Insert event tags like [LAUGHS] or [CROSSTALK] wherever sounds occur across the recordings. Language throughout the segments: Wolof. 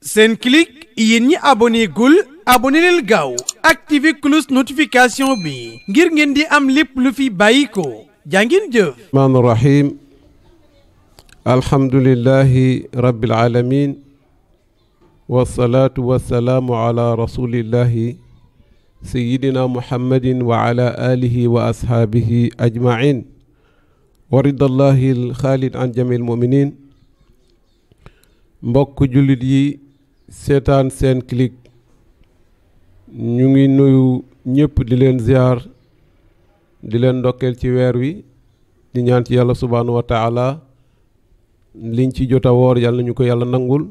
Senclic yéen ñi abonné gul abonné leen gaaw activé cloche notification bi ngir ngeen di am lépp lu fi bàyyi ko jàngin jëf rahmaan rahim alhamdulillahi rabbil alamin wasalaatu wasalaamu ala rasulillahi sayidina muhammadin wa ala alihi wa ashaabihi ajmain wa ridallahi alxaalid an jami almuminin mbokk jullit yi seetaan seen Senclic ñu ngi nuyu ñépp di leen ziar di leen ndokkeel ci weer wi di ñaan ci yàlla subhaanahu wa taala liñ ci jot woor yàlla nañu ko yàlla nangul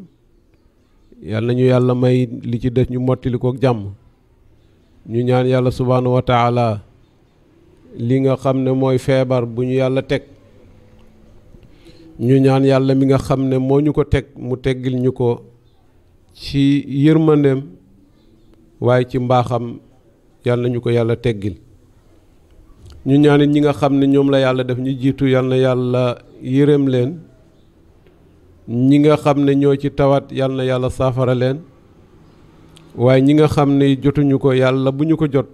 yàlla nañu yàlla may li ci des ñu mottali ko jàmm ñu ñaan yàlla subhaanahu wa lii nga xam ne mooy feebar bu ñu yàlla teg ñu ñaan yàlla mi nga xam ne moo ñu ko teg mu teggil ñu ko ci yërmandeem waaye ci mbaaxam yàlla nañu ko yàlla teggil ñu ñaanit ñi nga xam ne ñoom la yàlla def ñu jiitu yàlla na yàlla yërëm leen ñi nga xam ne ñoo ci tawat yàlla na yàlla saafara leen waaye ñi nga xam ne jotuñu ko yàlla bu ñu ko jot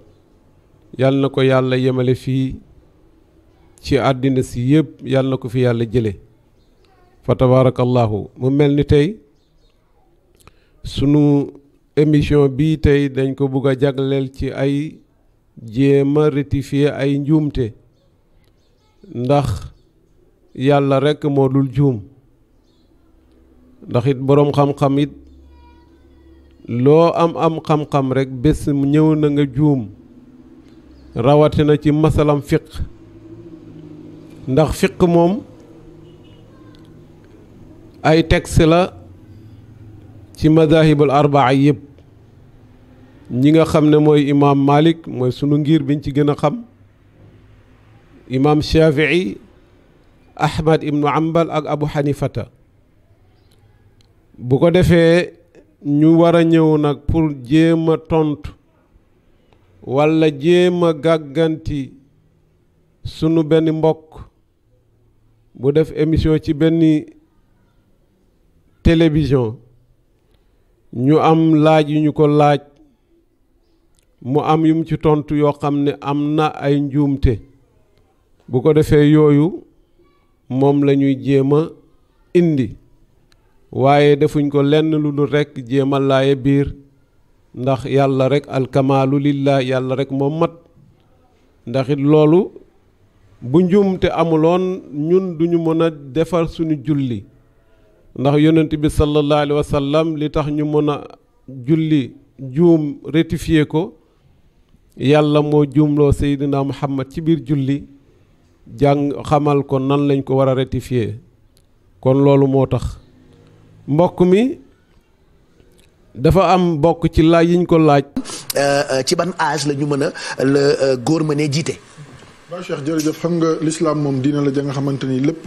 yàlla na ko yàlla yemale fii ci àddina si yëpp yàlla na ko fi yàlla jële fa tabaarakallaahu mu mel ni tey sunu émission bii tey dañ ko bugg a jagleel ci ay jéem a ay njuumte ndax yàlla rekk moo dul juum ndaxit boroom xam-xam it loo am am xam-xam rekk bés ñëw na nga juum rawatina ci masalam fiq ndax fiq moom ay texte la ci madahibul arbaa yëpp ñi nga xam ne mooy imaam Malik mooy sunu ngir biñ ci gën a xam imaam Shafii Ahmad ibnu Ambal ak Abu Hanifata bu ko defee ñu war a ñëw nag pour jéem a tontu walla jéema gàgganti sunu benn mbokk bu def émission ci benn télévision ñu am laaj yu ñu ko laaj mu am yum ci tontu yoo xam ne am na ay njuumte bu ko defee yooyu moom lañuy ñuy jéem a indi waaye defuñ ko lenn lu dul rekk jéema a laaye biir ndax yàlla rekk alkamaalu lillah yàlla rekk moom mat ndaxit loolu bu njuumte amuloon ñun duñu mën a defar sunu julli ndax yonent bi sallallahu alayhi wa sallam li tax ñu mën a julli juum rectifier ko yàlla moo juumloo Seydina Muhammad ci biir julli jàng xamal ko nan lañ ko war a rectifier kon loolu moo tax mbokk mi dafa am bokk ci laaj yiñ ko laaj. Euh, euh, ci ban âge la ñu mën a la euh, góor mënee jiite. waaw Cheikh xam nga lislaam moom diina la ja nga xamante ni lépp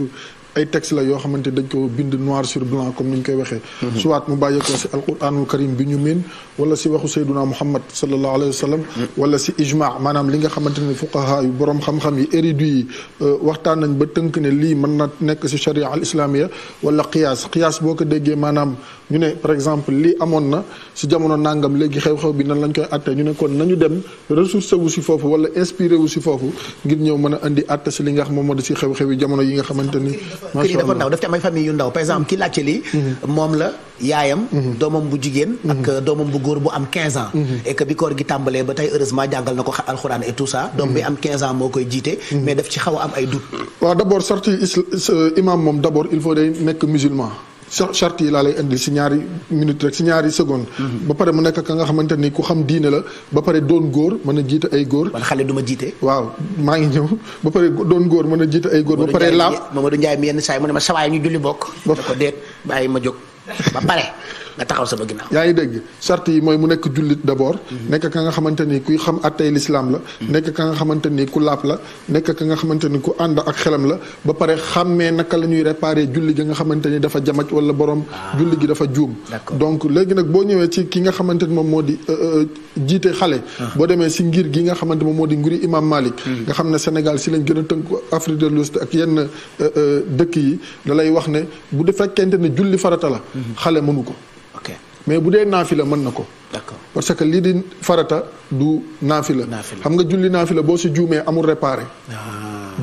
ay texte la yoo xamante dañ ko bind noir sur blanc comme ni ñu koy waxee mhm. soit mu bàyyeekoo si alquranul karim bi ñu miin wala si waxu sayduna muhammad sallallahu alayhi wa sallam mhm. wala si ijma maanaam li nga xamante ne fuqaha borom xam-xam yi euh, waxtaan nañ ba tënk ne lii mën na nekk si charia al islamia wala qiyaas qiyaas boo ko déggee maanaam ñu ne par exemple lii amoon na si jamono nangam léegi xew-xew bi nan lañ koy atte ñu ne kon nañu dem ressource wu si foofu wala inspiré wu si foofu ngir ñëw mën a indi atte si li nga xam moom moo di si xew-xewi jamono yi nga xamante ni kër yi dafa ndaw daf ci am ay famille yu ndaw par exemple ki laajte lii mhm. moom la yaayam mhm. doomam bu jigéen ak mhm. doomam bu góor bu am 15 ans et que gi tàmbalee ba tey heureusement jàngal na ko alxuraan et tout ça doom bi am 15 ans moo koy jiite mais daf ci xaw a am ay doute waaw d'abord sorti euh, imam moom d'abord il faut day nekk musulman charte yi laa lay indi si ñaari minute rek si ñaari seconde mhm. ba pare mu nekk ka nga xamante ni ku xam diine la ba pare doon góor mën a jiite ay góor xale du jiite waaw maa ngi ñëw [LAUGHS] ba pare doon góor mën a jiite ay góor ba pare laab Mamadou Ndiaye mi yenn saa yi mu ne ma sawaay ñu julli bokk da ko déet bàyyi ma jóg ba pare [LAUGHS] nga taxaw sama ginnaaw. yaa ngi dégg sart yi mooy mu nekk jullit d'abord. nekk ka nga xamante ni kuy xam attey lislaam la. nekk ka nga xamante ni ku laap la. nekk ka nga xamante ni ku ànd ak xelam la ba pare xàmmee naka la ñuy réparer julli gi nga xamante ni dafa jamaj wala borom. Ah. julli gi dafa juum. donc léegi nag boo ñëwee ci ki nga xamante ni moom moo di euh, euh, jiite xale. Ah. boo demee si ngir gii nga xamante moom moo di nguri imam Malik. Hmm. nga xam ne Sénégal si lañ gën a tënk Afrique de ak yenn euh, dëkk yi da wax ne bu fekkente ne julli farata la hmm. xale ko mais bu dee naafi la mën na ko. d'accord parce que lii di farata du naafi naafila. xam nga julli la boo si juumee amul réparé. Ah.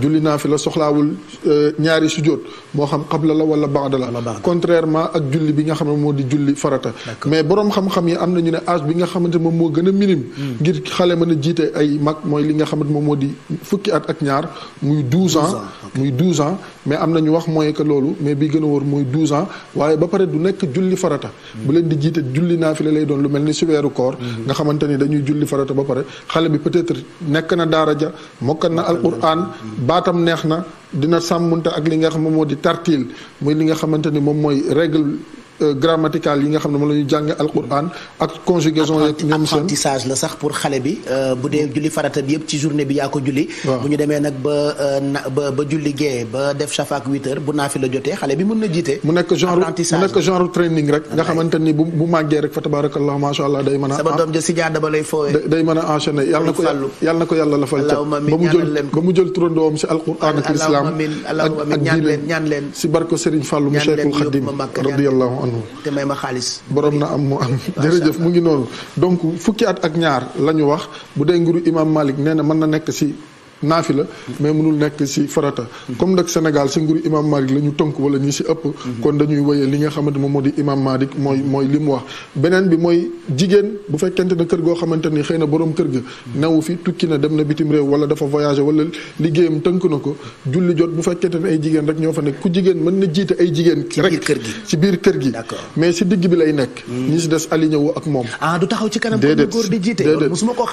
julli la soxlaawul euh, ñaari sujjóot moo xam qabla la wala baada la contrairement ak julli bi nga xam ne moo di julli farata mais borom xam-xam yi am nañu ne âge bi nga xamante moom moo gën a minime hmm. ngir xale mën a jiite ay mag mooy li nga xamante moom moo di fukki at ak ñaar muy douze ans muy douze ans mais am na ñu wax mooy que loolu mais bi gën a war mooy 12 ans waaye ba pare du nekk julli farata. bu leen di jiite julli naafile lay doon lu mel ni si koor. nga xamante ni dañuy julli farata ba pare xale bi peut-être nekk na daara ja mokkal na al alquran mm-hmm. baatam neex na dina sàmmunte ak li nga xam moom moo di tartil muy li nga xamante ni moom mooy règle. Euh, grammatical yi nga xam ne moom la ñuy jànge alquran ak conjugaison yeeg ñoom seen apprentissage la sax pour xale bi euh, bu dee julli farata bi ci journée bi yaa ko julli bu nag ba euh, ba ba julli gee ba def shafaak huit la jotee xale bi mën na jiite mu nekk genre mu nekk ni bu bu màggee rek fa tabarakallah allah day mën a sama doom ja si jaar dama lay foowee day a enchaîner yàlla na la fal ba mu jël ak ñaan leen anhu te may ma xaalis borom na am mu am jërëjëf mu ngi noonu donc fukki at ak ñaar la ñu wax bu dee nguru imam malik nee na mën na nekk si naafi la mais mënul nekk ci farata comme nag Sénégal ci nguuru imam Malik la ñu tënk wala ñi ci ëpp kon dañuy wéyee li nga xamante moom moo di imam Malik mooy mooy li mu wax beneen bi mooy jigéen bu fekkente ne kër goo xamante ni xëy na boroom kër gi newu fi tukki na dem na bitim réew wala dafa voyagé wala liggéeyam tënk na ko julli jot bu fekkente ne ay jigéen rek ñoo fa nekk ku jigéen mën na jiite ay jigéen rek ci biir kër gi mais ci digg bi lay nekk hmm. ñi ci des aligné wu ak moom ah taxaw ci kanam góor di jiite déedéet musuma ko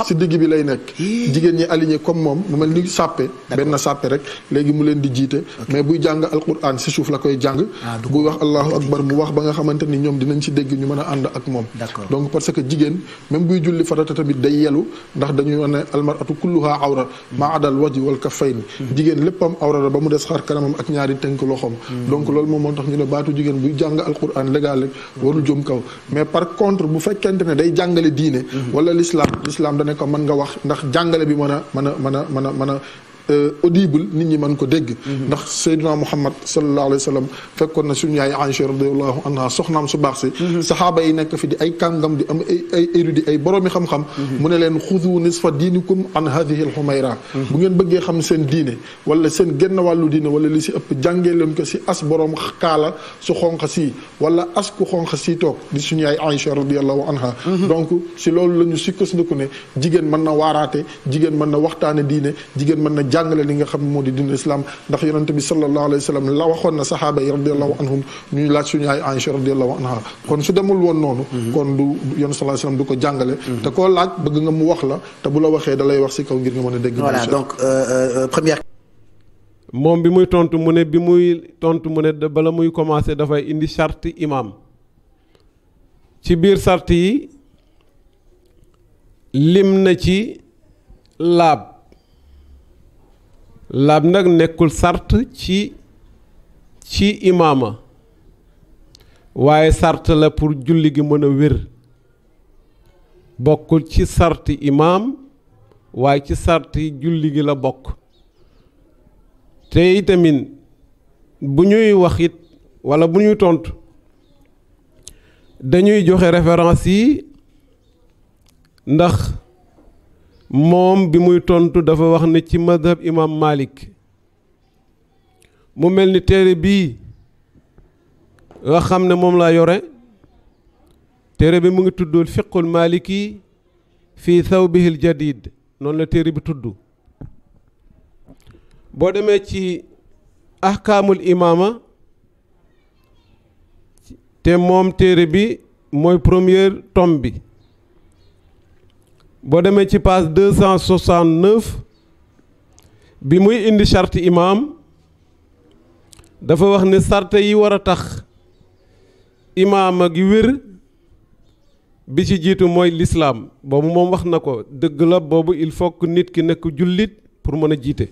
bi lay nekk jigéen ñi aligné comme moom ni sàppe benn sàppe rek léegi mu leen di jiite mais buy jàng alquran si suuf la koy jàng ah, buy wax allahu akbar mu wax ba nga xamante ni ñoom dinañ si dégg ñu mën a ànd ak moom donc parce que jigéen même buy julli farata tamit day yelu ndax dañuy wax ne almaratu kulluha awra maa adal waji wal kafayn hmm. jigéen léppam awra ba mu des xar kanamam ak ñaari tënk loxoom hmm. donc loolu moom tax ñu ne baatu jigéen buy jàng alquran légal rek warul jëm kaw mais bu fekkente ne day jàngale hmm. a a a a mën a Euh, audible nit ñi mën ko dégg ndax Seydina Muhammad sallallahu alayhi wa sallam fekkoon na suñu yaay Aïcha radiyallahu anha soxnaam su baax si mhm. saxaaba yi nekk fi di ay kàngam ay érudit ay xam-xam mhm. mu ne leen xudu nisfa diinikum an hadihi alxumayra mhm. bu ngeen bëggee xam seen diine wala seen genn wallu diine wala li si ëpp jàngee leen ko si as boroom kaala su xonq si wala as ku xonq si toog di suñu yaay Aïcha radiyallahu anha donc si loolu la ñu sukkandiku ne jigéen mën na waaraate jigéen man na waxtaane diine jigéen mën na jàngale li nga xam moo di diinul islam ndax yonent bi sallallahu alayhi wa sallam la waxoon na saxaaba yi radiallahu anhum ñuy laaj suñu ay Aïcha radiallahu anha kon su demul woon noonu mhm. kon du yonent sallallahu alayhi wa du ko jàngale mhm. te koo laaj bëgg nga mu wax la te bu la waxee dalay wax si kaw ngir nga mën a dégg voilà donc euh, euh, moom bi muy tontu mu ne bi muy tontu mu ne bala muy commencé dafay indi charte imam ci biir sarti yi lim na ci laab laab nag nekkul sart ci ci imaama waaye sart la pour julli gi mën a wér bokkul ci sarti imaam waaye ci sarti julli gi la bokk te itamit bu ñuy waxit it walla bu ñuy tontu dañuy joxe référence yi ndax moom bi muy tontu dafa wax ne ci madhab imam Malik mu mel ni téere bii nga xam ne moom laa yore téere bi mu ngi tuddul fiqul yi fii saw thawbihil jadid noonu la téere bi tuddu boo demee ci ahkaamul imaama te moom téere bi mooy premier tome bi boo demee ci page deux cent soixante neuf bi muy indi charte imaam dafa wax ne sarte yi war a tax imaama gi wér bi ci jiitu mooy lislaam boobu moom wax na ko dëgg la boobu il faut nit ki nekk jullit pour mën a jiite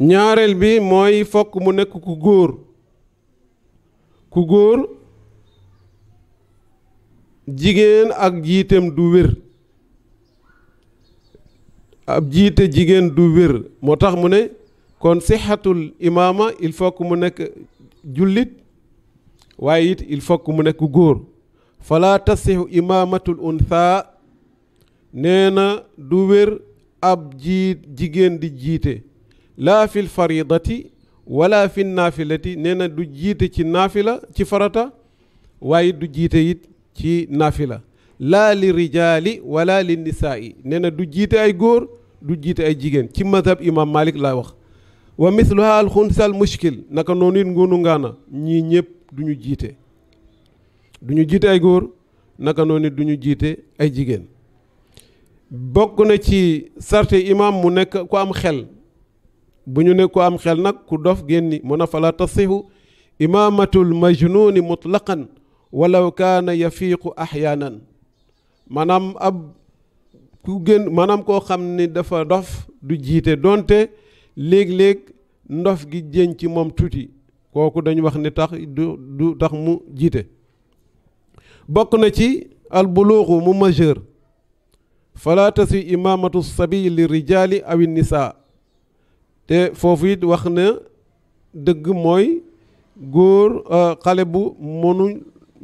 ñaareel bi mooy fokk mu nekk ku góor ku góor jigéen ak jiiteem du wér ab jiite jigéen du wér moo tax mu ne kon sixatul imaama il faut mu nekk jullit waaye it il faut mu nekk góor fala tasixu imaamatul untha nee na du wér ab jiit jigéen di jiite laa fil faridati wala fi naafilati nee na du jiite ci naafila ci farata waaye du jiite it ci naafila laa li rijaali wala li nisaa'i nee na du jiite ay góor du jiite ay jigéen ci mazhab imam malik laa wax wa misluha al xunsal mushkil naka noonu it ngaana ñii ñëpp duñu ñu jiite du jiite ay góor naka noonu it jiite ay jigéen bokk na ci sarte imam mu nekk ku am xel bu ñu ne ku am xel nag ku dof génni mun a fala tasihu imamatul majnuni mutlaqan walaw kaana yafiiqu ahyaanan maanaam ab ku gën maanaam koo xam ni dafa dof du jiite donte léeg-léeg ndof gi jën ci moom tuuti kooku dañu wax ni tax du du tax mu jiite bokk na ci albuluuxu mu majeur fala tasi imaamatu sabi li rijaali awi nisaa te foofu it wax na dëgg mooy góor euh, xale bu mënu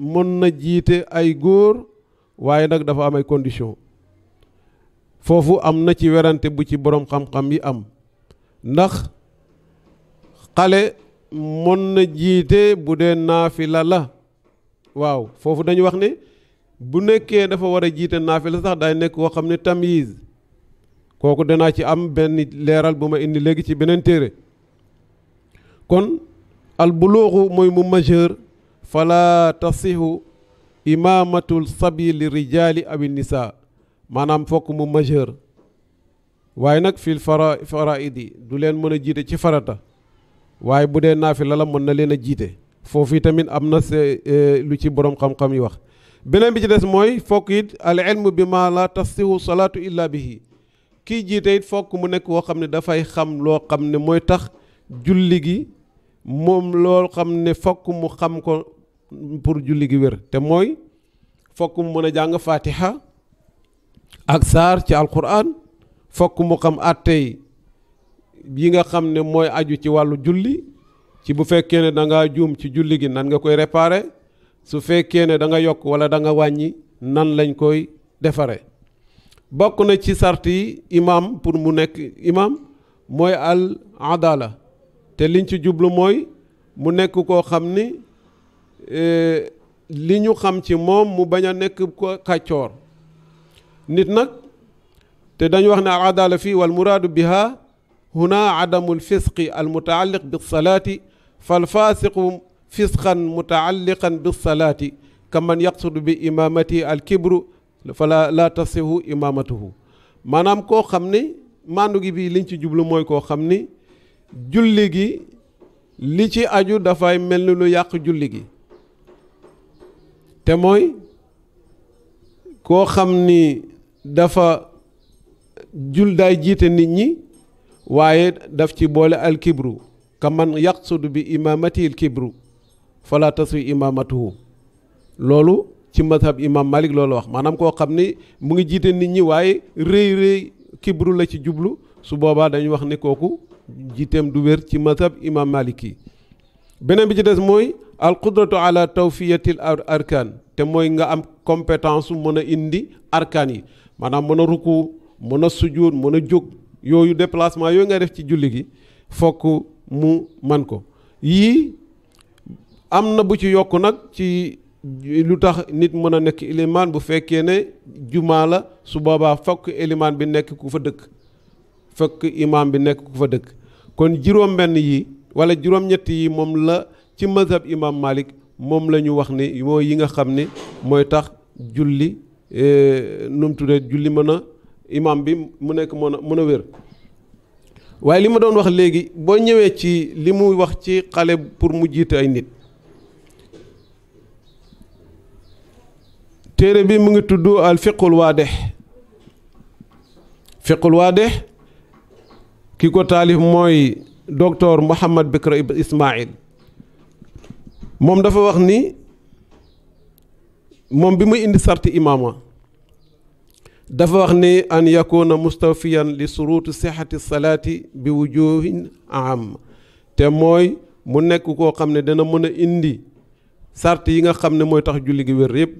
mën na jiite ay góor waaye nag dafa am ay condition foofu am na ci werante bu ci boroom xam-xam yi am ndax xale mën na jiite bu dee naafila la waaw foofu dañu wax ne bu nekkee dafa war a jiite naafila sax day nekk koo xam ne tamyiz kooku danaa ci am benn leeral bu ma indi léegi ci beneen téere kon al mooy mu majeur fala tasihu imamatul sabi li rijali aw maanaam fokk mu majeur waaye nag fil fara faraidi du leen mën a jiite ci farata waaye bu dee naafila lala mën na leen a jiite foofu tamit am na lu ci borom xam-xam yi wax beneen bi ci des mooy fokk it al ilmu bi ma la tasihu salaatu illa bihi kii jiite it fokk mu nekk woo xam ne dafay xam loo xam ne mooy tax julli gi moom loo xam ne fokk mu xam ko pour julli gi wér te mooy fokk mu mën a jàng fatiha ak saar ci alquran fokk mu xam àttey yi nga xam ne mooy aju ci wàllu julli ci bu fekkee ne danga juum ci julli gi nan nga koy réparer su fekkee ne danga yokk wala danga wàññi nan lañ koy defare bokk na ci sart yi imam pour mu nekk imam mooy àll adala te liñ ci jublu mooy mu nekk koo xam ni Euh, li ñu xam ci moom mu bañ a nekk ko kàccoor nit nag te dañu wax ne al adala fii wal muraadu biha huna adamu lfisqi al mutaalliq bilsalaati falfaasiqu fisqan mutaalliqan bilsalaati kaman yaqsudu bi imamati al kibru fala laa tasihu imamatuhu maanaam koo xam ne maandu gi bii liñ ci jublu mooy koo xam ni julli gi li ci aju dafay mel ni lu yàq julli gi te mooy koo xam ni dafa jul daay jiite nit ñi waaye daf ci boole alkibru ka man yaqsudu bi imamati alkibru fala taswi imamatuhu loolu ci mazhab imam malik loolu wax maanaam koo xam ni mu ngi jiite nit ñi waaye rëy rëy kibru la ci jublu su boobaa dañuy wax ni kooku jiiteem du wér ci mazhab imam maliki beneen bi ci des mooy al qudratu ala tawfiyatil arkaan te mooy nga am compétence mën a indi arkaan yi maanaam mën a ruku mën a sujud mën a jóg yooyu déplacement yooyu nga def ci julli gi fokk mu man ko yii am na bu ci yokk nag ci lu tax nit mën a nekk ilimaan bu fekkee ne jumaa la su boobaa fokk ilimaan bi nekk ku fa dëkk fokk imaam bi nekk ku fa dëkk kon juróom-benn yi wala juróom-ñett yi moom la ci mazhab imam malik moom la wax ni mooy yi nga xam ni mooy tax julli eh, nu mu tuddee julli mën a imam bi mu nekk mën a mën a wér waaye li ma doon wax léegi boo ñëwee ci li mu wax ci xale pour mu jiite ay nit téere bi mu ngi tudd al fiqul waadex fiqul waadex ki ko taalif mooy docteur Mouhamad Bikra Ismail moom dafa wax ni moom bi muy indi sarti imaama dafa wax ni an yakuna mustawfiyan li suruutu sixati salaati bi wujuhin am te mooy mu nekk koo xam ne dana mën a indi sart yi nga xam ne mooy tax julli gi wér yëpp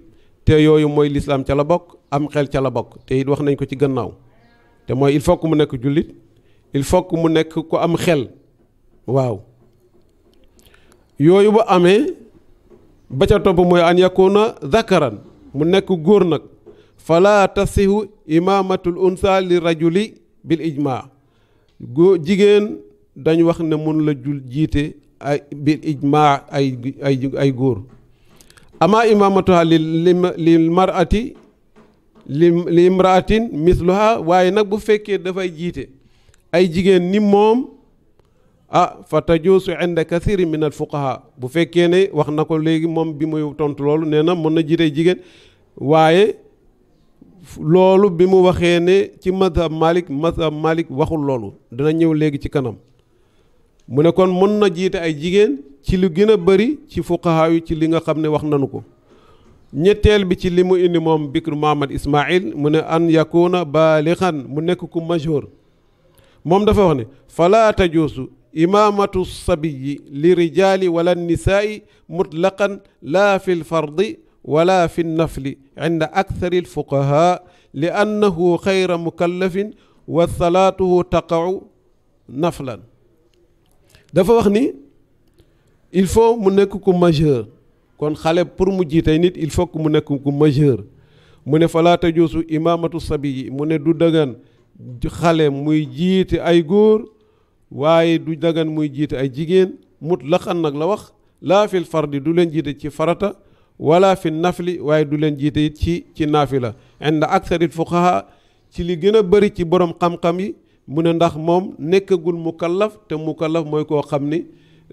te yooyu mooy lislaam ca la bokk am xel ca la bokk te it wax nañ ko ci gannaaw te mooy il faut mu nekk jullit il faut mu nekk ko am xel waaw yooyu ba amee ba ca topp mooy an yakuna zakaran mu nekk góor nag fala tasihu imaamatul unsa li rajuli bil ijma góor jigéen dañ wax ne mun la jul jiite ay bil ijma ay ay ay góor ama imaamatuha li lil marati li imraatin misluha waaye nag bu fekkee dafay jiite ay jigéen ni moom ah fa tajuusu inda kathirin min al bu fekkee ne wax na ko léegi moom bi muy tontu loolu nee na mën na jiite jigéen waaye loolu bi mu waxee ne ci mazhab malik mazhab malik waxul loolu dana ñëw léegi ci kanam mu ne kon mën na jiite ay jigéen ci lu gën a bari ci fuqaha yu ci li nga xam ne wax nanu ko ñetteel bi ci li mu indi moom bikr muhammad ismail mu ne an yakuna baalixan mu nekk ku majhur moom dafa wax ne fala tajuusu imaamatu sabiyi li rijaali wala nisaai mutlaqan laa fi lfardi wala fi nnafli inda akthari alfuqaha li annahu xayra mukallafin wa salaatuhu taqacu naflan dafa wax ni il faut mu nekk ku majeur kon xale pour mu jiitey nit il faut que mu nekk ku majeur mu ne falaa tajuusu imaamatu sabiyi mu ne du dëggan xale muy jiiti ay góor waaye du dagan muy jiite ay jigéen mut mutlaqan nag la wax laa fil fardi du leen jiite ci farata wala fi nafli waaye du leen jiite it ci ci naafila inda aksari fuqaha ci li gën a bëri ci borom xam-xam yi mu ne ndax moom nekkagul mukallaf te mukallaf mooy koo xam ni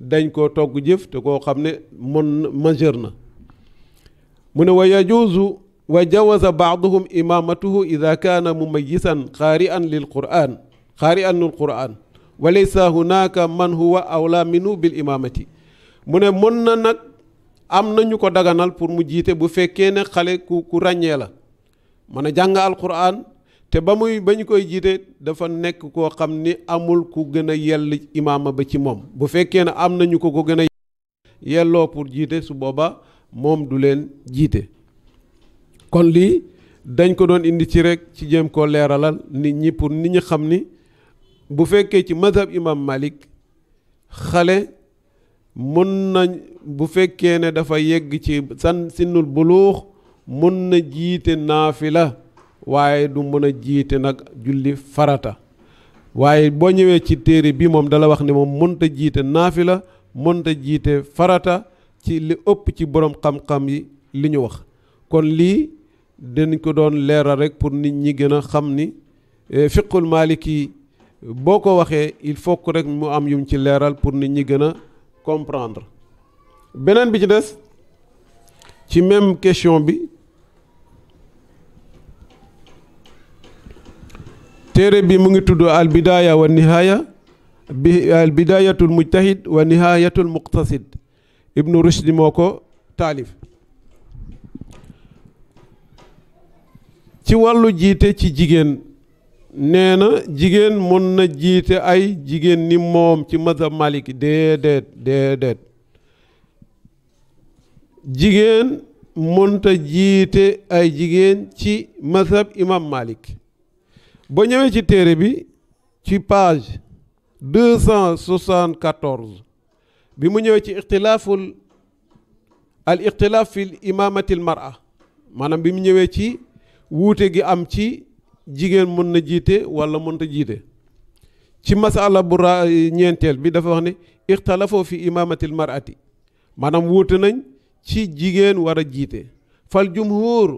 dañ koo togg jëf te koo xam ne mon majeur na mu ne wa yajuuzu wa jawaza baaduhum imamatuhu mu ma mumayisan xaari an lil quran xaari an lil quran walaysa hunaka man huwa awla minu bil imamati mu ne mën na nag am nañu ko daganal pour mu jiite bu fekkee ne xale ku ku ràññee la mën a jàng alquran te ba muy ba ñu koy jiite dafa nekk koo xam ni amul ku gën a yell imaama ba ci moom bu fekkee ne am nañu ko ko gën a yelloo pour jiite su booba moom du leen jiite kon lii dañ ko doon indi ci rekk ci jëm koo leeralal nit ñi pour nit ñi xam ni bu fekkee ci madhab imam malik xale mën nañ bu fekkee ne dafa yegg ci san sinnul buluux mën na jiite la waaye du mën a jiite nag julli farata waaye boo ñëwee ci téere bi moom dala wax ni moom mënta jiite naafila mënta jiite farata ci li ëpp ci borom xam-xam yi li ñu wax kon lii dañ ko doon leeral rek pour nit ñi gën a xam ni eh, fiqul maliki boo ko waxee il faut que rek mu am yum ci leeral pour nit ñi gën a comprendre beneen bi ci des ci même question bi téere bi mu ngi tudd al bidaaya wa nihaaya bi al bidaayatul mujtahid wa nihaayatul muqtasid ibnu rushdi moo ko taalif ci wàllu jiite ci jigéen nee na jigéen mën na jiite ay jigéen ni moom ci mazhab maliki déedéet déedéet jigéen mënta jiite ay jigéen ci mazhab imam malik ba ñëwee ci téere bi ci page deux cent bi mu ñëwee ci ixtilaaful al ixtilaaf fi imamatil mar'a maanaam bi mu ñëwee ci wuute gi am ci jigéen mën na jiite wala mënta jiite ci masala bu ra ñeenteel bi dafa wax ne ixtalafoo fi imaamatil marati maanaam wuute nañ ci jigéen war a jiite fal jumhur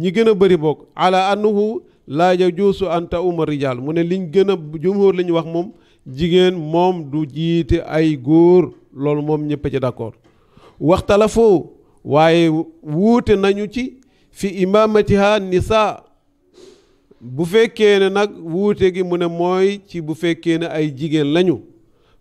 ñi gën a bëri bokk ala annahu laa yajuusu an ta'uma rijaal mu ne liñ gën a jumhur wax moom jigéen moom du jiite ay góor loolu moom ñëpp ci d'accord waxtalafoo waaye wuute nañu ci fi imaamatiha nisaa bu fekkee ne nag wuute gi mu ne mooy ci bu fekkee ne ay jigéen lañu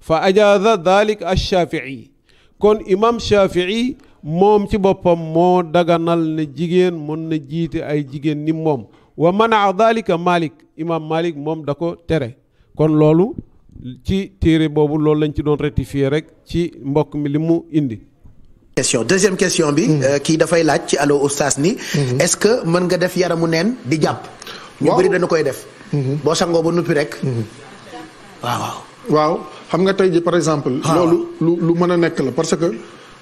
fa ajaaza dalik ashafii kon imam shafii moom ci boppam moo daganal ne jigéen mën na jiite ay jigéen ni moom wa manaa dalika malik imam malik moom da ko tere kon loolu ci téere boobu loolu lañ ci doon rectifier rek ci mbokk mi li mu indi question deuxième question bi hmm. euh, kii dafay laaj ci allo oustaz ni hmm. est-ce que mën nga def yaramu neen di jàpp ñu bëri dañu koy def. Mhm. boo sangoo ba nuppi rek. Mhm. waaw waaw. waaw xam nga tey ji par exemple. Ah. loolu lu lu mën a nekk la parce que.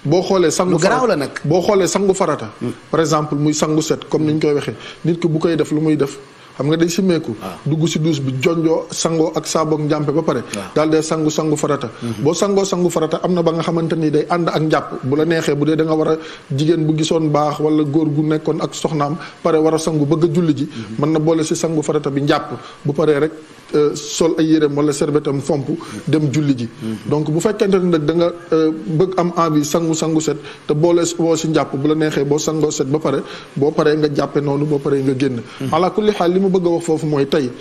boo xoolee sangu garaaw la nag boo xoolee sangu farata. Hmm. par exemple muy sangu set comme ni ñu koy waxee nit ki bu koy def lu muy def. xam nga day simmeeku ah. dugg si duus bi jonjoo sangoo ak saaboog njàmpe ba pare ah. daal dee sangu sangu farata mhm. boo sangoo sangu farata am na ba nga xamante ni day ànd ak njàpp bu la neexee bu dee da nga war a jigéen bu gisoon baax wala góor gu nekkoon ak soxnaam pare war a sangu bëgg a julli ji mhm. mën na boole si sangu farata bi njàpp bu paree rek Euh, sol ay yéreem wala serbetam fomp dem julli ji donc bu fekkente ne nag da nga euh, bëgg am envie sangu sangu set te boo boole boo si njàpp bu la neexee boo sangoo set ba pare boo paree nga jàppe noonu boo paree nga génn hmm. ala kulli xaal li mu bëgg a wax foofu mooy tey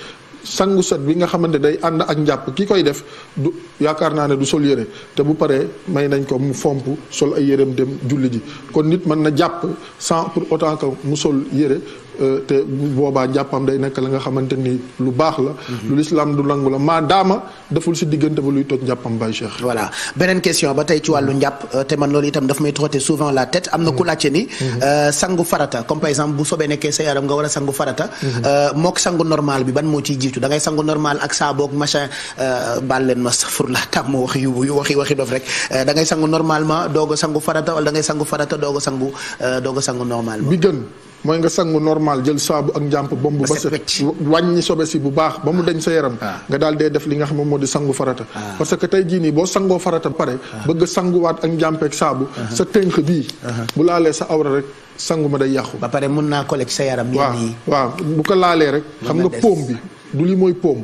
sangu set bi nga xamante day ànd ak njàpp ki koy def du yaakaar naa ne du sol yére te bu paree may nañ ko mu fomp sol ay yéreem dem julli ji kon nit mën na jàpp sans pour autant ka mu sol yére Euh, te boobaa jàppam day nekk la nga xamante ni lu baax la. Mhm. lu lislaam du nangu la maa daama deful si diggante ba luy toj njàppam Baye Cheikh. voilà beneen question ba tey ci wàllu mhm. njàpp euh, te man loolu itam daf may trotter souvent la tête am na ku mhm. laajte ni. Euh, sangu farata comme par exemple bu sobee nekkee sa yaram nga war a sangu farata. mook sangu normal bi ban moo ciy jiitu dangay ngay sangu normal ak saabook machin baal leen ma safur laa [LAUGHS] tàmm wax yu yu waxi waxi dof rek da ngay sangu normalement doog sangu farata wala da ngay sangu farata doog sangu doog a normal bi gën. mooy nga sangu normal jël saabu ak njàmp bomb ba set wàññi sobe si bu baax ba mu deñ sa yaram ah. nga daal dee def li nga xam ne moo di sangu farata ah. parce que tey jii nii boo sangoo farata pare ah. bëgg sanguwaat ak njàmpeek saabu sa tënk bii bu laalee sa awra rek sangu ma day yàqu ba pare mun naa ko sa yaram waaw waaw bu ko laalee rek xam nga poom bi du li mooy poom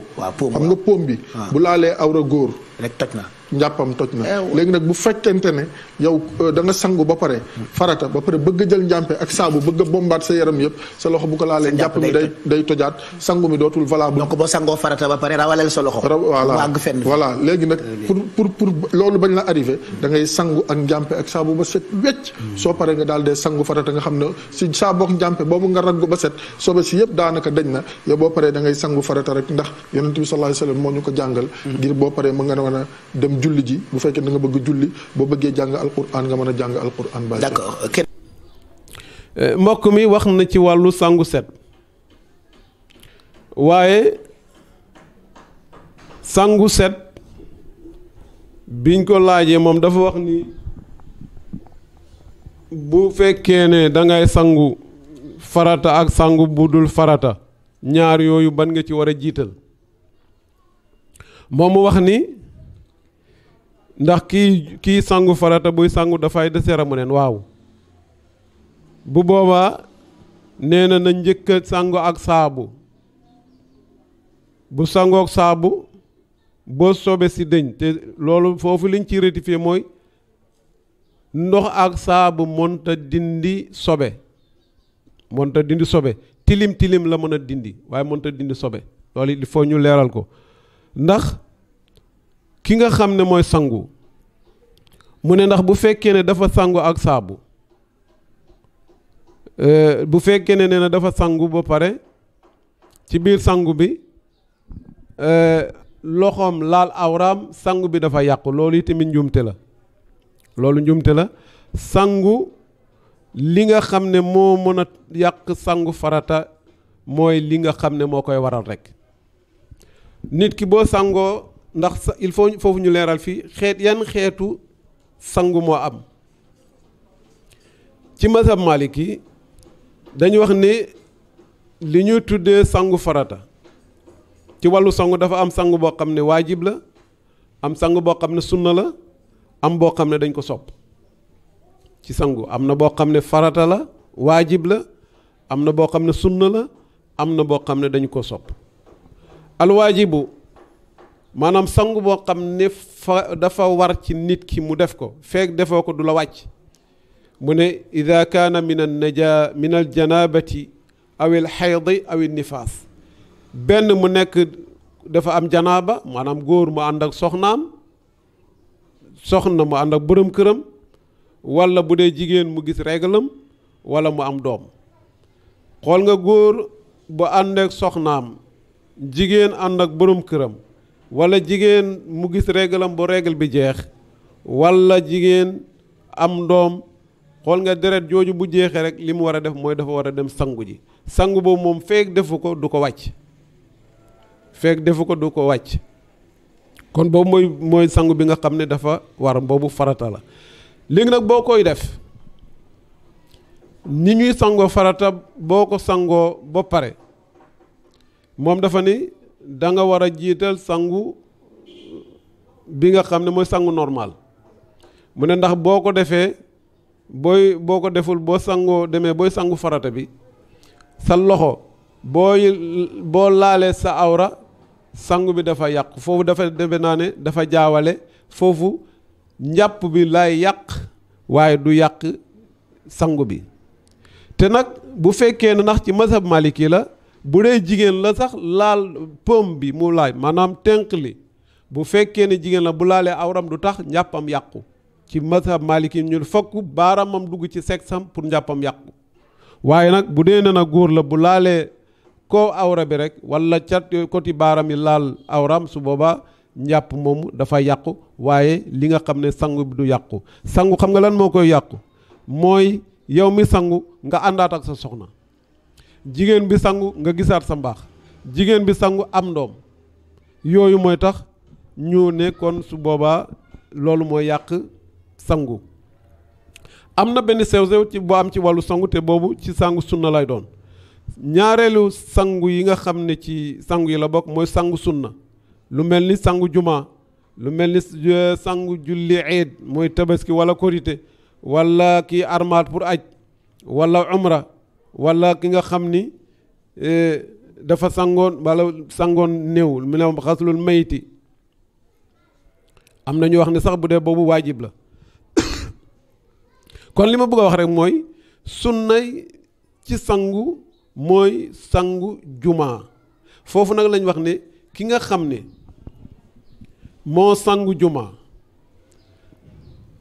xam nga poom bi bu laalee awra góor rek toj na njàppam toj na eh léegi nag bu fekkente ne yow euh, da nga sangu ba pare farata ba pare bëgg jël njàmpe ak saabu bëgg a bombaat sa yaram yëpp sa loxo bu ko laalee njàpp mi day day tojaat sangu mi dootul valable donc boo sangoo farata ba pare rawaleel sa loxo voilà voilà léegi nag pour pour pour loolu bañ la arrivé da ngay sangu ak njàmpe ak saabu ba set wecc hmm. soo paree nga daal dee sangu farata nga xam ne si saabook njàmpe boobu nga raggu ba set sobe si yëpp daanaka dañ na yow boo paree da ngay sangu farata rek ndax yonent bi sallallahu alayhi wasallam moo ñu ko jàngal hmm. ngir boo julli ji bu fekkee da bëgg julli boo bëggee jàng alquran nga mën a jàng alquran. bàyyi d'accord eh, mbokk mi wax na ci wàllu sangu set waaye sangu set biñ ko laajee moom dafa wax ni bu fekkee ne dangay sangu farata ak sangu bu dul farata ñaar yooyu ban nga ci war a jiital moom mu wax ni ndax kii kii sangu farata buy sangu dafay desera mu neen waaw bu boobaa nee na na njëkk a sangu ak saabu bu sangook saabu boo sobe si dëñ te loolu foofu liñ ci rectifier mooy ndox ak saabu mënta dindi sobe mënta dindi sobe tilim tilim la mën a dindi waaye mënta dindi sobe loolu il faut ñu leeral ko ndax ki nga xam ne mooy sangu mu ne ndax bu fekkee ne dafa sangu ak saabu euh, bu fekkee ne nee na dafa sangu ba pare ci biir sangu bi euh, loxoom laal awraam sangu bi dafa yàqu loolu yi tamit njuumte la loolu njuumte la sangu li nga xam ne moo mën a yàq sangu farata mooy li nga xam ne moo koy waral rekk nit ki boo sangoo ndax sa il faut foofu ñu leeral fii xeet yan xeetu sangu moo am ci mazhab Maalik yi dañu wax ne li ñuy tuddee sangu farata ci wàllu sangu dafa am sangu boo xam ne waajib la am sangu boo xam ne sunna la am boo xam ne dañ ko sopp ci sangu am na boo xam ne farata la waajib la am na boo xam ne sunna la am na boo xam ne dañu ko sopp alwaajibu maanaam sangu boo xam ne fa dafa war ci nit ki mu def ko feek defoo ko du la wàcc mu ne ida kaana min al naja min al janabati aw il xaydi aw nifaas benn mu nekk dafa am janaaba maanaam góor mu ànd ak soxnaam soxna mu ànd ak bërëm këram wala bu dee jigéen mu gis réglam wala mu am doom xool nga góor bu ànd ak soxnaam jigéen ànd ak bërëm këram wala jigéen mu gis reglam bu régle bi jeex wala jigéen am doom xool nga deret jooju bu jeexee rek li mu war a def mooy dafa war a dem sangu ji sangu boobu moom feek defu ko du ko wàcc feek defu ko du ko wàcc kon boobu mooy sangu bi nga xam ne dafa war boobu farata la léegi nag boo koy def ni ñuy sangoo farata boo ko sangoo ba pare moom dafa ni danga war a jiital sangu bi nga xam ne mooy sangu normal mu ne ndax boo ko defee booy boo ko deful boo sangoo demee booy sangu farata bi sa loxo booy boo laalee sa awra sangu bi dafa yàq foofu dafa deme naa ne dafa jaawale foofu njàpp bi lay yàq waaye du yàq sangu bi te nag bu fekkee ne ndax ci mazhab maliki la bu dee jigéen la sax laal pëm bi mu laay maanaam tënk li bu fekkee ne jigéen la bu laalee awram du tax njàppam yàqu ci mazhab maliki ñu fokk baaramam dugg ci sexam pour njàppam yàqu waaye nag bu dee ne na góor la bu laalee koo awra bi rek wala ca côté baaram yi laal awraam su boobaa njàpp moomu dafa yàqu waaye li nga xam ne sangu bi du yàqu sangu xam nga lan moo koy yàqu mooy yow mi sangu nga àndaat ak sa soxna jigéen bi sangu nga gisaat sa mbaax jigéen bi sangu am ndoom yooyu mooy tax ñu ne kon su boobaa loolu mooy yàq sangu am na benn sew-sew ci boo am ci wàllu sangu te boobu ci sangu sunna lay doon ñaareelu sangu yi nga xam ne ci sangu yi la bokk mooy sangu sunna lu mel ni sangu jumaa lu mel ni euh, sangu julli eed mooy tabaski wala korité wala kii armaat pour aj wala umra walla ki nga xam ni e, dafa sangoon wala sangoon néew mu ne xaslul mayti am na ñu wax ne sax bu dee boobu waajib la [COUGHS] kon li ma bëgg a wax rek mooy sunnay ci sangu mooy sangu jumaa foofu nag lañ wax ne ki nga xam ne moo sangu jumaa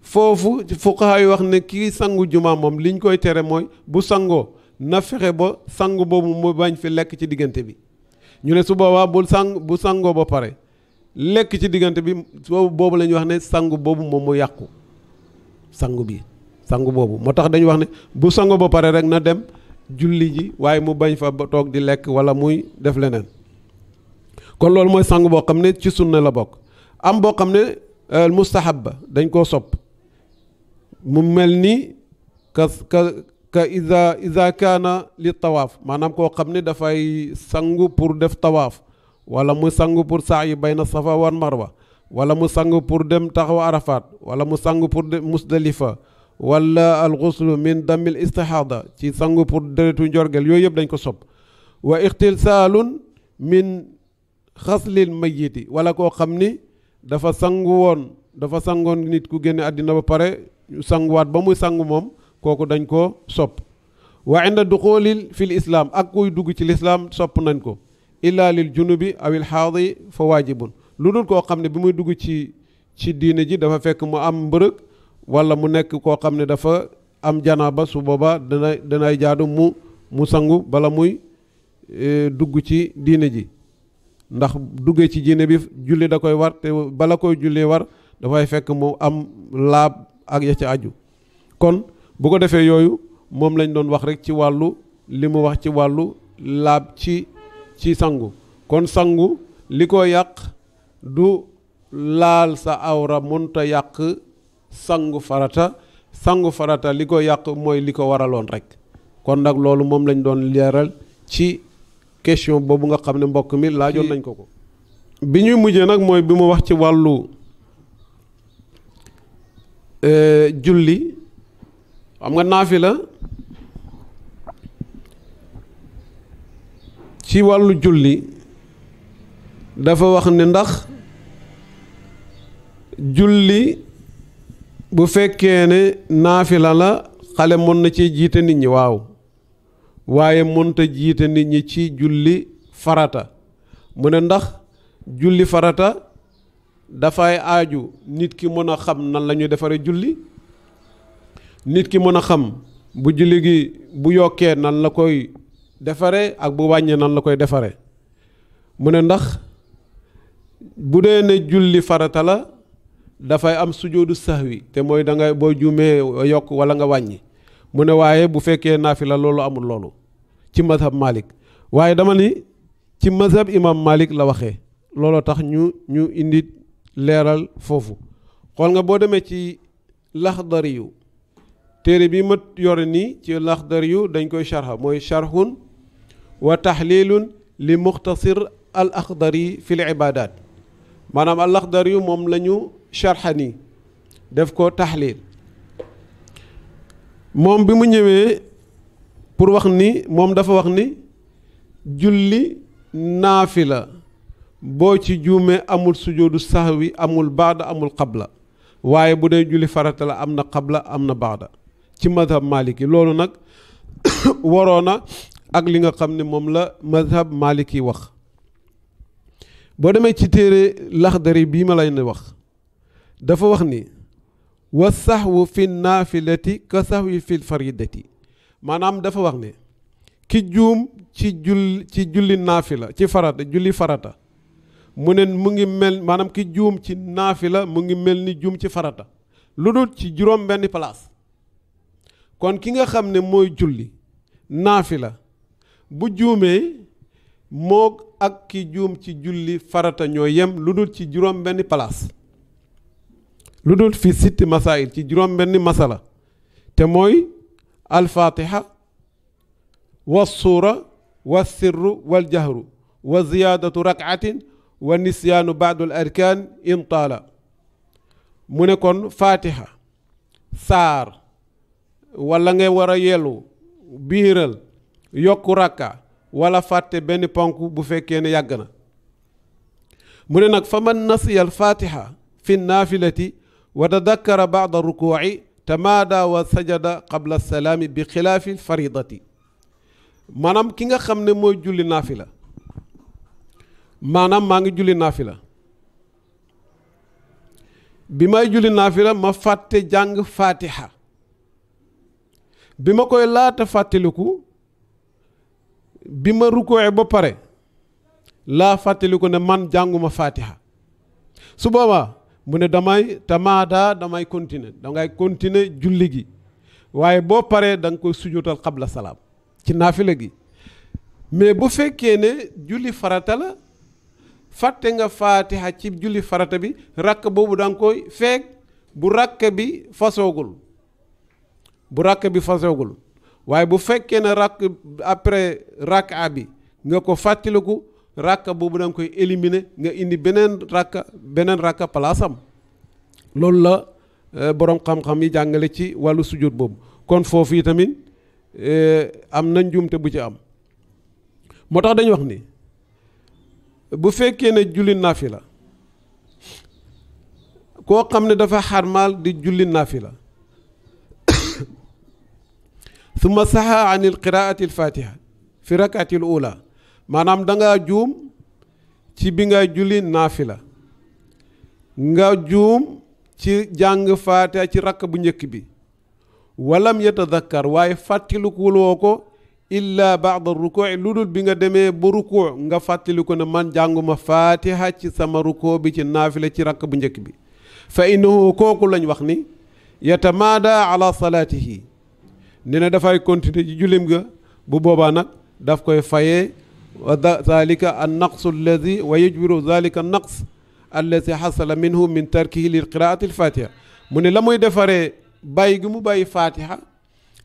foofu fuqaha yi wax ne kii sangu jumaa moom liñ koy tere mooy bu sangoo na fexe ba sangu boobu mu bañ fi lekk ci diggante bi ñu ne su boobaa bu sang bu sangoo ba pare lekk ci diggante bi boobu la wax ne sangu boobu moom mu yàqu sangu bi sangu boobu moo tax dañu wax ne bu sango ba pare rek na dem julli ji waaye mu bañ fa ba toog di lekk wala muy def leneen kon loolu mooy sangu boo xam ne ci sunna la bokk am boo xam ne euh, mustahab ba dañ koo sopp mu mel ni ka ka ka ida ida kaana li tawaaf maanaam koo xam ne dafay sangu pour def tawaaf wala mu sangu pour saayi na safa wan wa wala mu sangu pour dem taxaw arafat wala mu sangu pour dem musdalifa wala al xuslu min damil istihaada ci sangu pour deretu jorgel yooyu yëpp dañ ko sob wa ixtilsaalun min xaslil jiiti wala koo xam ni dafa sangu woon dafa sangoon nit ku génne àddina ba pare sanguwaat ba muy sangu moom kooku dañ koo sopp wa inda duxulil fil islaam ak koy dugg ci lislaam sopp nañ ko illaa lil junubi awil xaadi fa waajibun lu dul koo xam ne bi muy dugg ci ci diine ji dafa fekk mu am mbërëg wala mu nekk koo xam ne dafa am janaaba su boobaa dana danay jaadu mu mu sangu bala muy e, dugg ci diine ji ndax duggee ci diine bi julli da koy war te bala koy julli war dafay fekk mu am laab ak ya ca aju kon bu ko defee yooyu moom lañ doon wax rek ci wàllu li mu wax ci wàllu laab ci ci sangu kon sangu li ko yàq du laal sa awra mënta yàq sangu farata sangu farata li ko yàq mooy li ko waraloon rek kon nag loolu moom lañ doon leeral ci question boobu nga xam ne mbokk mi laajoon nañ ko ko bi ñuy mujjee nag mooy bi mu wax ci wàllu euh, julli xam nga la ci wàllu julli dafa wax ne ndax julli bu fekkee ne naafi la la xale mën na ci jiite nit ñi waaw waaye mënta jiite nit ñi ci julli farata mu ne ndax julli farata dafay aaju nit ki mën a xam nan la ñuy defaree julli nit ki mën a xam bu julli gi bu yokkee nan la koy defare ak bu wàññee nan la koy defare mu ne ndax bu dee ne julli farata la dafay am sujoodu wi te mooy da nga boo juumee yokk wala nga wàññi mu ne waaye bu fekkee la loolu amul loolu ci mazhab Malik waaye dama ni ci mazhab imam Malik la waxe looloo tax ñu ñu indi leeral foofu xool nga boo demee ci Laxdari yu téere bi ma yore nii ci laxdar yu dañ koy charha mooy charhun wa taxlilun li muxtasir al axdari fi l ibadat maanaam al axdar yu moom lañu ñu charha def ko taxlil moom bi mu ñëwee pour wax ni moom dafa wax ni julli la boo ci juume amul sax sahwi amul baada amul xab la waaye bu dee julli farata am na xab la am na baada ci madhab yi loolu nag [COUGHS] waroon na ak li nga xam ni moom la madhab maliki wax boo demee ci téere lax laxdari bii ma lay wax dafa wax ni wa saxwu fi naafilati ka saxwi fi faridati maanaam dafa wax ne ki juum ci jul ci julli naafi la ci farat julli farata mu ne mu ngi mel maanaam ki juum ci naafi la mu ngi mel ni juum ci farata lu dul ci juróom benn place kon ki nga xam ne mooy julli naafi la bu juumee moo ak ki juum ci julli farata ñoo yem lu ci juróom benni palaas lu dul fi sitti masail ci juróom benni masala te mooy alfaatixa wa suura wa sirru wal jahru wa ziyaadatu atin wa nisyaanu baadul arkaan intaala mu ne kon fatiha saar wala ngay war a yelu biiral yokku rakka wala fàtte benn ponk bu fekkee ne yàgg na mu ne nag fa man nasiya alfatiha fi naafilati wa tadakkara baada rukuuci tamaada wa sajada qabla salaami bi xilaafi faridati maanaam ki nga xam ne mooy julli naafila maanaam maa ngi julli naafila bi may julli naafila ma fàtte jàng fatiha bi ma koy laata fàttaliku bi ma rukkooee ba pare laa fàttaliku ne man jànguma faatiha su boobaa mu ne damay tamaada damay continuer dangay continuer julli gi waaye boo paree da nga koy sujootal xabla salaam ci naafila gi mais bu fekkee ne julli farata la fàtte nga faatiha ci julli farata bi rakk boobu danga koy feeg bu rakk bi fasoogul bu rakk bi fasogul waaye bu fekkee ne rakk après rakka bi nga ko fàttaliku rakka boobu da koy élimine nga indi beneen rakka beneen rakka place am loolu la euh, borom xam-xam yi jàngale ci wàllu sujjóot boobu kon foofu yi tamit euh, am nañ jumte bu ci am moo tax dañu wax ni bu fekkee ne julli naafi la koo xam ne dafa xar xarmaal di julli naafi la summa saha an il qiraati alfatiha fi rakaati l maanaam danga nga juum ci bi nga julli naafila nga juum ci jàng faatiha ci rakk bu njëkk bi walam yatadakkar waaye fàttalikuwuloo ko illa baada rukuu lu dul bi nga demee ba rukuu nga fàttaliku ne man jànguma faatiha ci sama rukuu bi ci naafila ci rakk bu njëkk bi fa innahu kooku lañu wax ni yatamaada ala salaatihi ni na dafay continuer ci jullim ga bu boobaa nag daf koy faye wa zalika a naqsu alladi wa yajbiru zalika naqs alladi xasala minhu min tarkihi lil qiraati al mu ne la muy defaree bàyyi gi mu bàyyi fatiha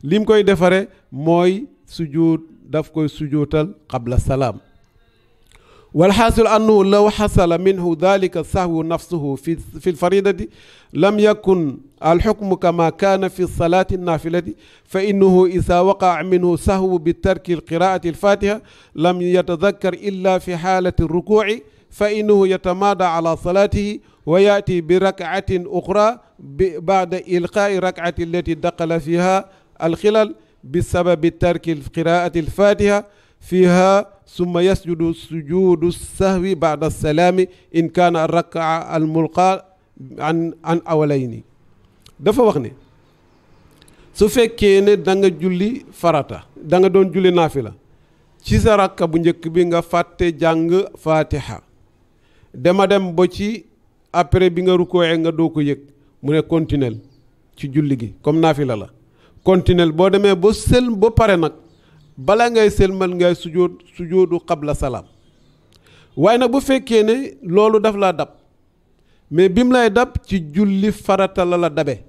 lim koy defare mooy sujuud daf koy sujuutal qabla salaam والحاصل أنه لو حصل منه ذلك السهو نفسه في في الفريضة لم يكن الحكم كما كان في الصلاة النافلة فإنه إذا وقع منه سهو بترك قراءة الفاتحة لم يتذكر إلا في حالة الركوع فإنه يتمادى على صلاته ويأتي بركعة أخرى بعد إلقاء ركعة التي دخل فيها الخلل بسبب ترك قراءة الفاتحة fiiha summa yasjudu sujudu sahwi baada salaami in kaana rakaa al mulqa an an awalayni dafa wax ne su fekkee ne danga nga julli farata da nga doon julli naafila ci sa rakka bu njëkk bi nga fàtte jàng fatiha dama dem ba ci après bi nga rukkooyee nga doo ko yëg mu ne continuel ci julli gi comme naafila la continuel boo demee ba sël ba pare nag bala ngay sëlmal ngay sujood sujoodu qabla salaam waaye nag bu fekkee ne loolu daf la dab mais bi mu lay dab ci julli farata la dabe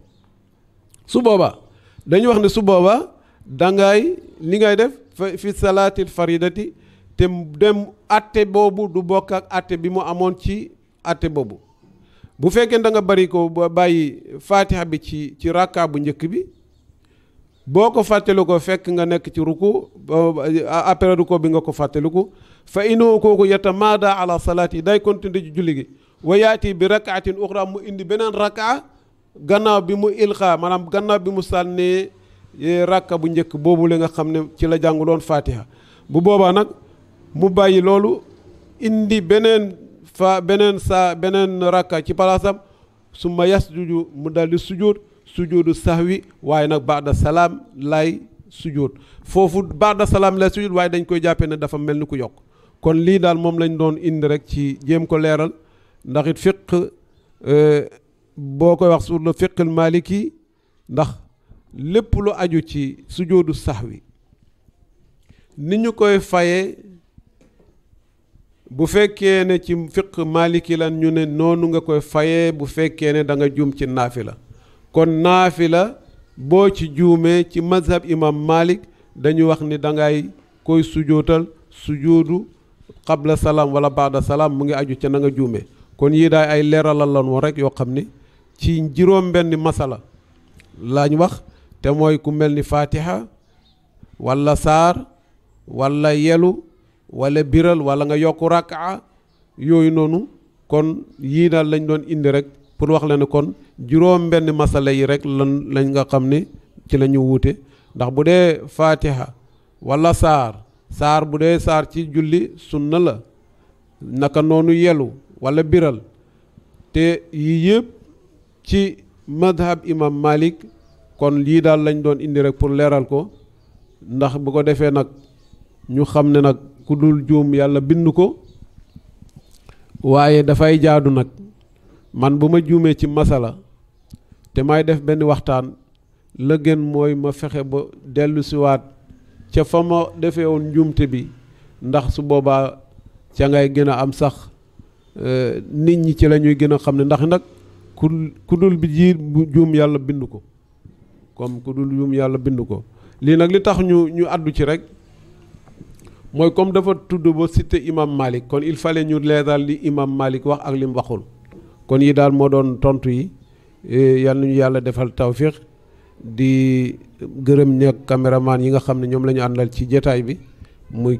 su boobaa dañuy wax ne su boobaa dangay li ngay def fi salaatil faridati te dem atte boobu du bokk ak atte bi mu amoon ci atte boobu bu fekkee da nga bari ko bàyyi faatiha bi ci ci rakka bu njëkk bi boo ko fàttaliku fekk nga nekk ci ruku après ruku bi nga ko fàttaliku fa inoo kooku yatamaada ala salaat yi day continuer ci julli gi wa yaati bi rakaatin uxra mu indi beneen rakaa gannaaw bi mu ilxaa maanaam gannaaw bi mu sànnee e, rakk bu njëkk boobu li nga xam ne ci la jànguloon fatiha bu boobaa nag mu bàyyi loolu indi beneen fa beneen saa beneen rakka ci palaasam summa yasjudu mu daldi sujud sax wi waaye nag baada salaam lay sujud foofu baada salaam lay sujud waaye dañ koy jàppee ne dafa mel ni ku yokk kon lii daal moom lañ doon indi rek ci jéem ko leeral ndax it fiq euh, boo koy wax sur le fiq al ndax lépp lu aju ci sujudu sahwi ni ñu koy fayee bu fekkee ne ci fiq maliki la ñu ne noonu nga koy fayee bu fekkee ne danga nga juum ci naafi la kon naafi la boo ci juumee ci mazhab imam malik dañu wax ni dangay koy sujootal sujuudu xabla salaam wala baada salaam mu ngi aju ca na nga juumee kon yii daa ay leeralal lan woon rek yoo xam ni ci juróom benn masala lañ wax te mooy ku mel ni fatiha walla saar walla yelu walla biral walla nga yokku rakaa yooyu noonu kon yii daal lañ doon indi rek pour wax la kon juróom benn masala yi rek lan lañ nga xam ni ci lañuy ñu wuute ndax bu dee fatiha wala saar saar bu dee saar ci julli sunna la naka noonu yelu walla biral te yii yëpp ci madhab imam malik kon lii daal lañ doon indi rek pour leeral ko ndax bu ko defee nag ñu xam ne nag ku dul juum yàlla bind ko waaye dafay jaadu nag man bu ma juumee ci masala te may def benn waxtaan la gën mooy ma fexe ba dellu siwaat ca fa ma defee woon njuumte bi ndax su boobaa ca ngay gën a am sax eh, nit ñi ci la ñuy gën a xam ne ndax nag ku ku dul bi jiir bu juum yàlla bind ko kom ku dul juum yàlla bind ko lii nag li tax ñu ñu àddu ci rek mooy comme dafa tudd ba cité imam Malik kon il fallait ñu leeral li imam Malik wax ak lim waxul kon yi daal moo doon tontu yi e, yal nañu yàlla defal tawfiq di gërëm ña caméraman yi nga xam ne ñoom la ñu àndal ci jataay bi muy